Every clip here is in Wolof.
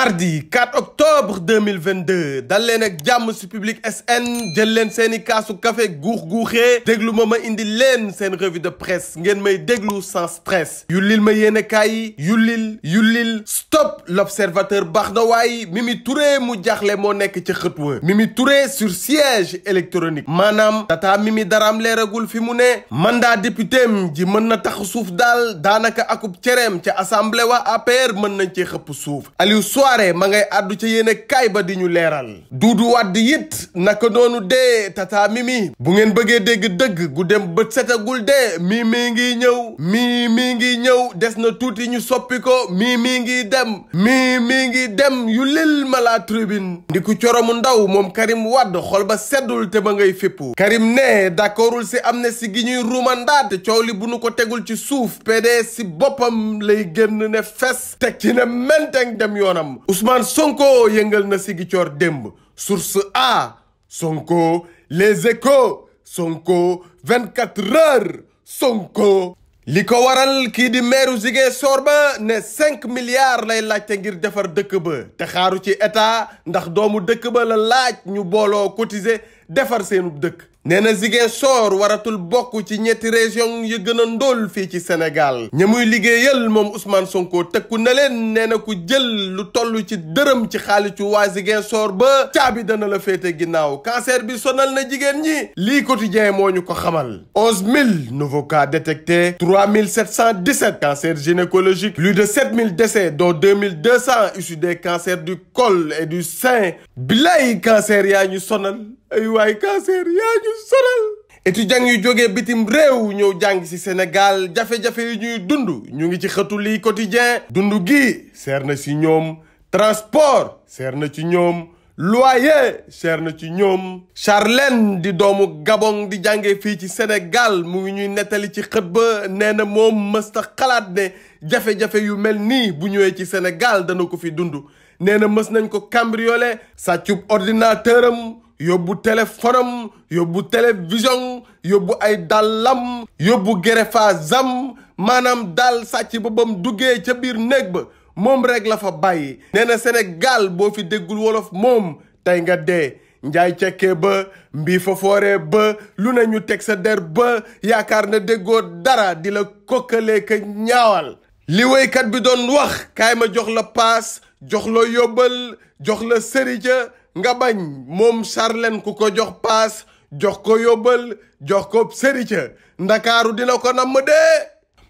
mardi 4 octobre 2022 dal leen ak jàmm si Public SN jël leen seeni i kaasu café guux guuxee déglu ma ma indi leen seen revue de presse ngeen may déglu sans stress yullil ma yéen yu kaay yullil yullil stop l'observateur baax na waay Mimi Touré mu jaaxle moo nekk ci xët wa Mimi Touré sur siège électronique maanaam dataa Mimi daraam leeragul fi mu ne mandat députéem ji mën na tax suuf daal daanaka akub cereem ca assemblée wa APR mën nañ cee xëpp suuf Aliou soirée ma ngay àddu ca yéen kaay ba di ñu leeral Doudou Wade it naka doonu dee tata mi bu ngeen bëggee dégg dëgg gu dem bët setagul dee mii mii ngi ñëw mii mii ngi ñëw des na tuuti ñu soppi ko mii mii ngi dem mii mii ngi dem yu lil ma la tribune ndi ku coromu ndaw moom Karim Wade xol ba seddul te ma ngay fippu Karim ne d'accordul si am na si gi ñuy ruumandaat coow li bu nu ko tegul ci suuf PDS si boppam lay génn ne fes teg ci ne menteng dem yoonam Saloum Sonko yëngal na Ziguinchor démb source A Sonko les échos Sonko 24 heures Sonko. li ko waral kii di meeru Ziguinchor ba ne cinq milliards lay laajte ngir defar dëkk ba te xaaru ci état ndax doomu dëkk ba la laaj ñu booloo cotisé defar seenu dëkk. nee na Ziguinchor waratul bokk ci ñetti région yi gën a ndóol fii ci Sénégal ña muy liggéeyal moom Ousmane Sonko tëkku na leen nee na ku jël lu toll ci dërëm ci xaalisu waa Ziguinchor ba caabi dana la féete ginnaaw cancer bi sonal na jigéen ñi lii quotidien moo ñu ko xamal 11000 nouveaux cas détectés 3717 cancers gynécologiques plus de 7000 décès dont 2200 issus des cancers du col et du sein bilay cancer yaa ñu sonal ay waay cancer yaa ñu soral étudiants yu jógee bitim réew ñëw jàng ci Sénégal jafe-jafe yi ñuy dund ñu ngi ci xëtu lii quotidien dund gi seer na ci ñoom transport seer na ci ñoom loye cher na ci ñoom Charlène di doomu Gabon di jàngee fii ci Sénégal mu ngi ñuy nettali ci xët ba nee na moom mësta xalaat ne jafe-jafe yu mel nii bu ñëwee ci Sénégal dana ko fi dund nee na mës nañ ko cambriolé sàccub ordinateur am yóbbu téléphonam yóbbu télévision yóbbu ay dàllam yóbbu gerefaasam maanaam daal sàcc ba ba duggee ca biir néeg ba moom rek la fa bàyyi nee na Sénégal boo fi déggul wolof moom tey nga dee njaay cekkee ba mbii fa fooree ba lu ne ñu teg sa der ba yaakaar na déggoo dara di la kokkalee ñaawal li woykat bi doon wax kaay ma jox la paas jox la yóbbal jox la sërica nga bañ moom Charlène ku ko jox paas jox ko yóbbal jox ko sërica ndakaaru dina ko namm dee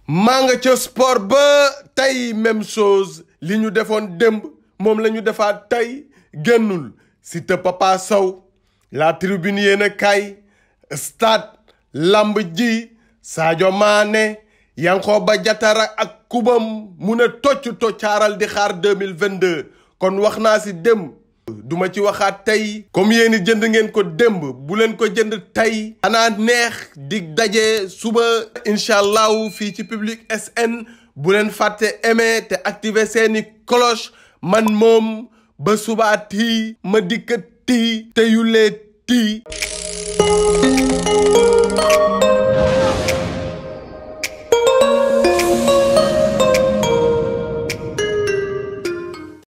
maa nga ca sport ba tey même soose li ñu defoon démb moom la ñu defaat tey génnul si te Papa Sow la tribune yéen a kaay stade lamb ji Sadio Mané Yankhoba Diattara ak kubam mu ne tocc toccaaral di xaar 2022 kon wax naa si démb duma ci waxaat tey comme yéen jënd ngeen ko démb bu leen ko jënd tey xanaa neex di daje suba incha allahu fii ci Public SN bu leen fàtte aimer te activer seeni cloche man moom ba subaa tii ma dikka tii te yulee tii